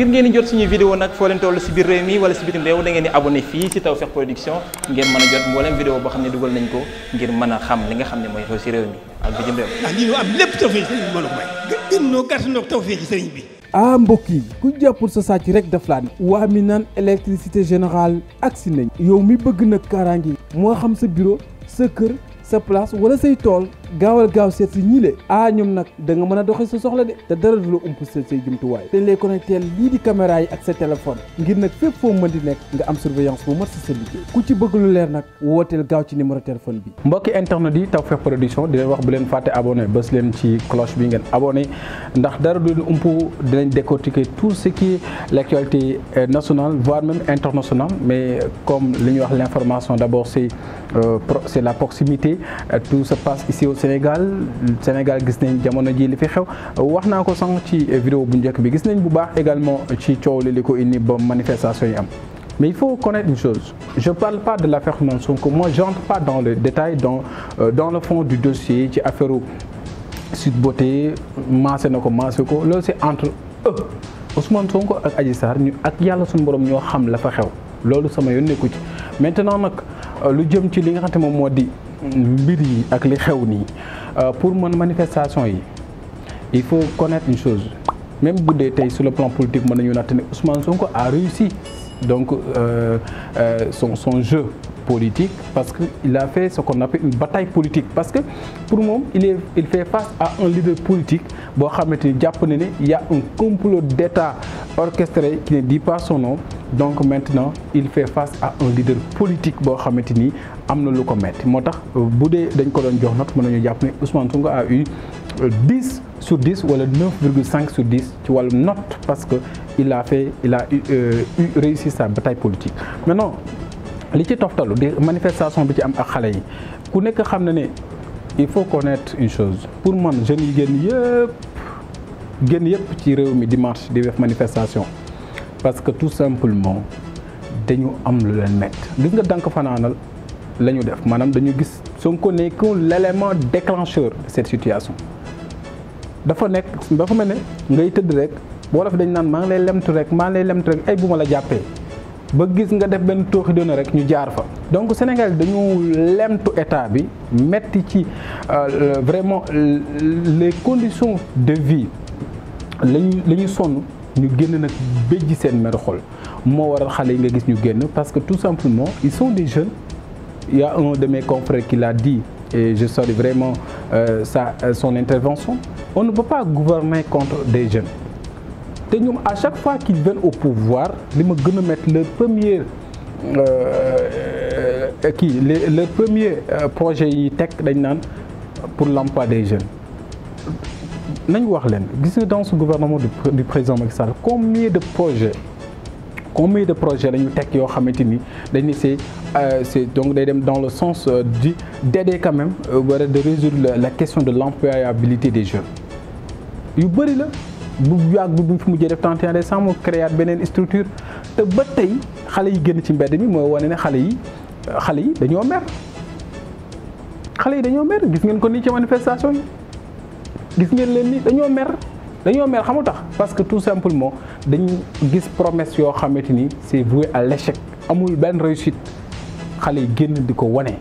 ngir ngeen di jot suñu vidéo nag foo leen toll si biir réew mi wala si bitim réew da ngeen di abonné fii si Tawfekh Production ngeen mën a jot mboolem vidéo boo xam ne dugal nañ ko ngir mën a xam li nga xam ne mooy xew si réew mi ak bitim ah, bi mën a may. ah mbokk yi ku jàppul sa sàcc rek daf laa ne. waa mi naan général ak agsi nañ. yow mi bëgg nag kaaraange moo xam sa bureau sa kër sa place wala say tool gaawal gaaw seet si ñii le ah nag da nga mën a doxee sa soxla de te dara du la ump sa say jumtuwaay te ñu lay connecté lii di caméra yi ak sa téléphone ngir nag fépp foo mën di nekk nga am surveillance bu mat si sa liggéey ku ci bëgg lu leer nag wooteel gaaw ci numéro téléphone bi mbokki internet yi Tawfekh Production di leen wax bu leen fàtte abonné bés leen ci cloche bi ngeen abonné ndax dara du leen ump dinañ décortiquer tout ce qui est l'actualité euh, nationale voire même internationale mais comme li ñuy wax l'information d'abord c'est euh, c'est la proximité euh, tout se passe ici Sénégal Sénégal gis nañ jamono ji li fi xew wax naa ko sànq ci vidéo bu njëkk bi gis nañ bu baax également ci coow li li ko indi ba manifestation yi am mais il faut connaître une chose je parle pas de l'affaire Ousmane Sonko moi j'entre pas dans le détail dans euh, le fond du dossier ci affaire Sweet Beauté maase na ko maase ko loolu c'est entre eux Ousmane Sonko ak aji Sarr ak yàlla suñu borom ñoo xam la fa xew loolu sama yoon nekku ci maintenant nag euh, lu jëm ci li nga xam te moom moo di mbir yi ak li xew nii euh, pour mën manifestation yi il faut connaître une chose même bu dee tey sur le plan politique mën nañu natt ne Ousmane Sonko a réussi donc euh, euh son son jeu politique parce qu'il a fait ce qu'on appelle une bataille politique parce que pour moom il est il fait face à un leader politique boo xamante ni jàpp na ne il y a un complot d'État orchestré qui ne dit pas son nom donc maintenant il fait face à un leader politique boo xamante ni am na lu ko metti moo tax bu dee dañ ko doon jox nag mën nañu jàpp ne Ousmane Sonko a eu 10 euh, sur 10 wala 9,5 ci wàllu note parce que il a fait il a eu, euh, eu réussi sa bataille li ci toftalu di manifestation bi ci am ak xale yi ku nekk xam na ne il faut connaître une chose pour man jeunes yi génn yëpp génn yëpp ci réew mi dimanche di def manifestation parce que tout simplement dañu am lu leen métti gis nga ko fanaanal la def maanaam dañu gis Sonko nekk lelement déclencheur de cette situation dafa nekk dafa mel ne ngay tëdd rek wolof dañ naan maa ngi lay lemtu rek maa ngi lay lemtu rek ay bu ma la jàppee ba gis nga def benn tooxi doona rek ñu jaar fa donc Sénégal dañu lemtu état bi metti ci euh, vraiment les conditions de vie lañu la ñu sonn ñu génn nag béjji seen meru xol moo a xale yi nga gis ñu génn parce que tout simplement ils sont des jeunes ya y a un de mes confrères qui l'a dit et je salue vraiment euh, sa son intervention on ne peut pas gouverner contre des jeunes te ñoom à chaque fois qu'ils viennent au pouvoir li ma gën a mettre leur premier euh, euh, kii les leur premier euh, projet yi teg dañ naan pour l'emploi des jeunes nañ wax leen gis nga dans ce gouvernement du président Macky Sall combien de projet projets combien de projet la ñu teg yoo xamante ni dañ ne c'est c'est donc day dem dans le sens di d'aider quand même wala de résoudre la question de l'employabilité des jeunes yu bëri la bu yàgg bi mu fi mujjee def 31 décembre mu créaat beneen structure te ba tey xale yi génn ci mbedd mi mooy wane ne xale yi xale yi dañoo mer xale yi dañoo mer gis ngeen ko nii ci manifestation yi gis ngeen leen ni dañoo mer dañoo mer xamu tax parce que tout simplement dañ gis promesse yoo xamante ni c'est voué à l'échec amul benn réussite xale yi génn di ko wane.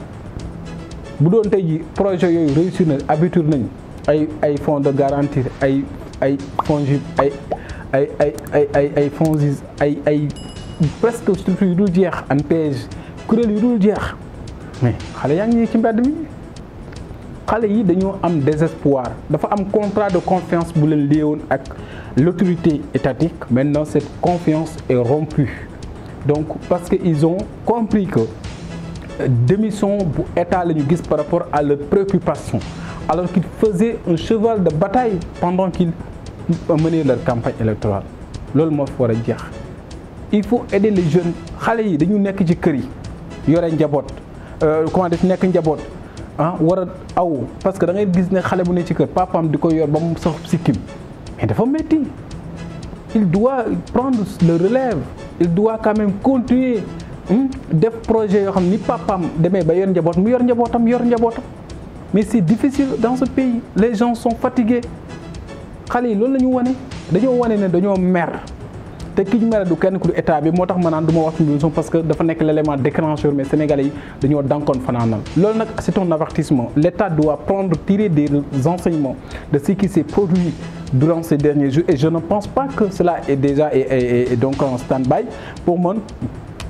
bu doon tey ji projet yooyu réussir na habitude nañ ay ay fonds de garantie ay ay ay ay ay ay ay ay ay ay presque structure yu dul jeex ANPEJ kuréel yu dul jeex mais xale yaa ngi ci mbedd mi xale yi dañoo am désespoir dafa am contrat de confiance bu leen léewoon ak l'autorité étatique maintenant cette confiance est rompue donc parce que ils ont compris que euh, démission bu état la ñu gis par rapport à leurs préoccupations alors qu'ils faisaient un cheval de bataille pendant qu'ils mener leur campagne électorale loolu moo war a jeex il faut aider les jeunes xale yi dañu nekk ci kër yi yore njaboot euh, comment def nekk njaboot ah war aw parce que da ngay gis ne xale bu ne ci kër papaam di koy yor ba mu sax sikkim mais dafa métti il doit prendre le relève il doit quand même continuer hmm, def projet yoo xam ni papaam demee ba yor njaboot mu yor njabootam yor njabootam mais c'est difficile dans ce pays les gens sont fatigués xale yi loolu la ñu wane dañoo wane ne dañoo mer te ki ñu mere du kenn ku du état bi moo tax ma naan du ma wax suñu parce que dafa nekk l' élément déclencheur mais sénégalais yi dañoo dankoon fanaanal loolu nag c' est un avertissement l' état doit prendre tirer des enseignements de ce qui s' est produit durant ces derniers jours et je ne pense pas que cela est déjà et, et, donc en stand-by pour man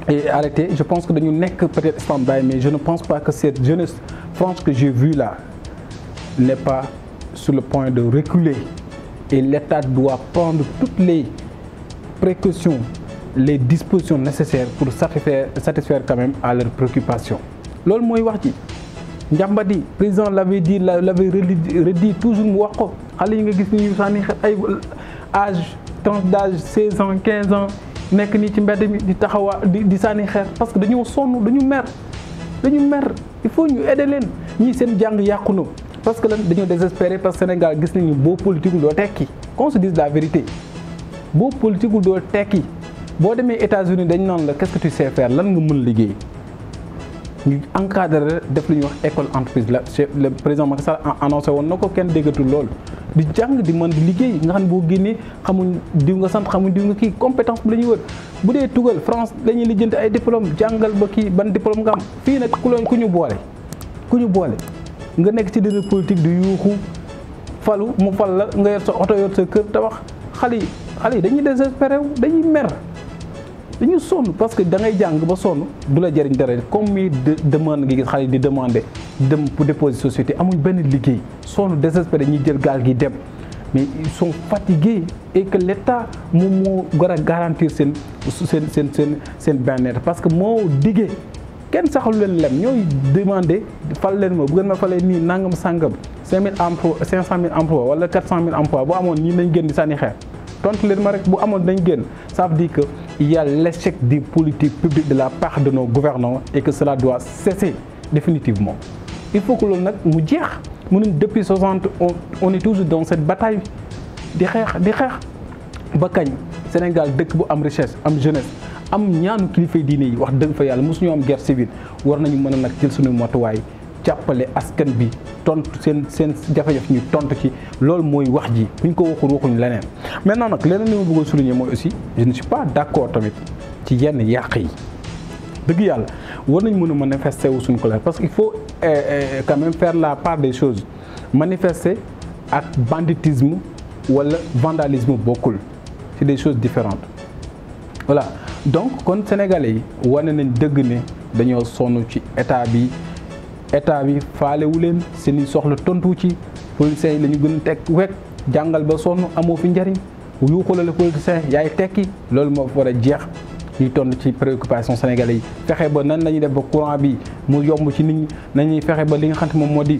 et arrêté je pense que dañu nekk peut-être stand-by mais je ne pense pas que cette jeunesse franche que j'ai sur le point de reculer et l'État doit prendre toutes les précautions, les dispositions nécessaires pour satisfaire, satisfaire quand même à leurs préoccupations. loolu mooy wax ci njàmbat yi président l'avait dit l'avait redit toujours mu wax ko xale yi nga gis ni ñu sànni ay âge tranche d'âge 16 ans quinze ans nekk nii ci mbedd mi di taxawaa di di sànni xeer parce que dañoo sonn dañu mer dañu mer il faut ñu aider leen ñii seen jàng yàqu na parce que lan dañoo désespéré parce que Sénégal gis nañu boo politique doo tekki qu'on se dise la vérité boo politique doo tekki boo demee États-Unis dañu naan la qu'est-ce que lan nga mën liggéey ñu encadré def lu ñuy wax école entreprise la chef le président Macky Sall annoncé woon na ko kenn déggatul loolu di jàng di mën di liggéey nga xam ne boo génnee xamuñ diw nga sant xamuñ diw nga kii compétence bi la ñuy wër bu dee tugal France dañuy lijjanti ay diplôme jàngal ba kii ban diplôme nga am fii nag ku loon ku ñu boole ku ñu boole nga nekk ci dina politique di yuuxu falu mu fal la nga yor sa oto yor sa kër tabax xale yi xale yi dañuy désespéré wu dañuy mer dañu sonn parce que da ngay jàng ba sonn du la jëriñ dara comme mi demande nga gis xale yi di demandé dem pour déposer société amuñ benn liggéey sonn désespéré ñuy jël gaal gi dem mais ils sont fatigués et que l'État moom moo war a garantir seen seen seen seen seen bien-être parce que moo diggee kenn saxalu leen lem ñooy demandé fal leen ma bu gën ma falee nii nangam sàngam 5000 emploi 500000 emploi wala 400000 emploi bu amoon nii nañ génn di sànni xeer tontu leen ma rek bu amoon nañ génn ça veut dire que il y a l'échec des politiques publiques de la part de nos gouvernants et que cela doit cesser définitivement il faut que loolu nag mu jeex mënuñ depuis 60 on on est toujours dans cette bataille di xeex di xeex ba kañ Sénégal dëkk bu am richesse am jeunesse. am ñaanu kilifay diine yi wax dëgg fa yàlla mosuñu am guerre civile war nañu mën a nag jël suñu matuwaay jàppale askan bi tontu seen seen jafe ñu tontu ci loolu mooy wax ji buñ ko waxul waxuñ leneen maintenant nag leneen li ma bëggoon souligner mooy aussi je ne suis pas d'accord tamit ci yenn yàq yi dëgg yàlla war nañ mën a manifester wu suñu colère parce que il faut eh, eh, quand même faire la part des choses manifester ak banditisme wala vandalisme bokkul c'est des choses différentes voilà donc kon sénégalais yi wane nañ dëgg ne dañoo sonn ci état bi état bi faalewu leen seen i soxla tontuwu ci politiciens yi la ñu gën a teg wekk jàngal ba sonn amoo fi njariñ yuuxula la politicien yaay tekki loolu moo war a jeex ñuy tontu ci préoccupation sénégalais yi fexe ba nan la ñuy def ba courant bi mu yomb ci nit ñi nañuy fexe ba li nga xam moom moo di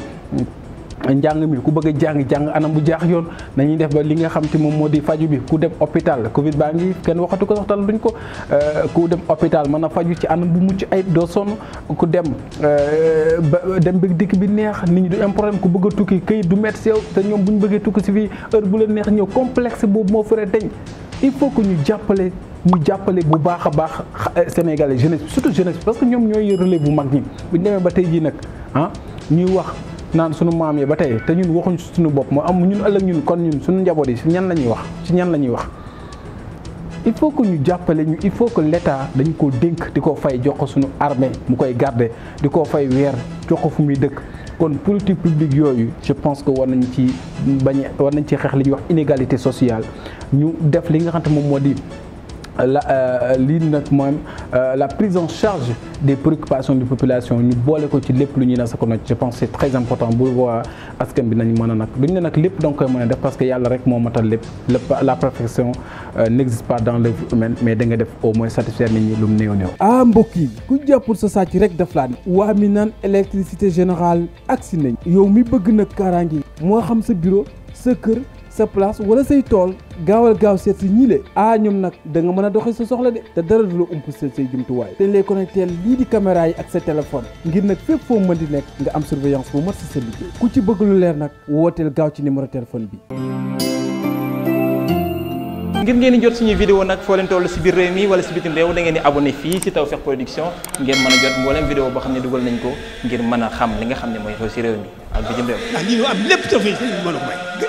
njàng mi ku bëgg a jàng jàng anam bu jaax yoon nañuy def ba li nga xam te moom moo di faju bi ku dem hôpital Covid baa ngi kenn waxatu ko soxtal duñ ko euh, ku dem hôpital mën a faju ci anam bu mucc ay doo sonn ku dem euh, dem bëgg dikk bi neex nit ñu du am problème ku bëgg tukki këyit du métti si te ñoom bu ñu bëggee tukki si fii heure bu leen neex ñëw complexe boobu moo fëre deñ il faut que ñu jàppale ñu jàppale bu baax a baax euh, sénégalais jeunesse surtout jeunesse parce que ñoom ñooy relais bu mag ñi bu naan sunu maam yi ba tey te ñun waxuñ suñu bopp moo am ñun ëllëg ñun kon ñun suñu njaboot yi si ñan la ñuy wax si ñan la ñuy wax il faut que ñu jàppale ñu il faut que l'état dañu koo dénk di ko fay jox ko suñu armée mu koy garder di ko fay weer jox ko fu muy dëkk kon politique publique yooyu je pense que war nañ ci bañ war nañ ci xeex li ñuy wax inégalité sociale ñu def li nga xam te moom moo di la euh, lii nag moom euh, la prise en charge des préoccupations des population ñu boole ko ci lépp lu ñuy na sa ko nag je pense c'est très important bu boobaa askan bi nañ mën a nag duñ ne nag lépp danga koy mën a def parce que yàlla rek moo matal lépp la perfection euh, n'existe pas dans l'œuvre humaine mais da nga def au moins satisfaire nit ñi lu mu néew néew ah mbokk yi ku jàppul sa sàcc rek daf laa ne waa mi naan électricité générale agsi nañ yow mi bëgg nag kaaraange moo xam sa bureau sa kër sa place wala say tool gaawal gaaw seet si ñii le nag danga mën a doxee sa soxla de te dara du la ump seet say jumtuwaay te ñu lay connecté lii di caméra yi ak sa téléphone ngir nag fépp foo mën di nekk nga am surveillance bu mat si sa liggéey ku ci bëgg leer nag wooteel gaaw ci numéro téléphone bi. ngir ngeen di jot suñu vidéo nag foo leen toll si biir réew mi wala si bitim réew da ngeen di abonné fii si Tawfekh Production ngeen mën a jot boo xam ne dugal nañ ko ngir mën a li nga xam ne mooy xew si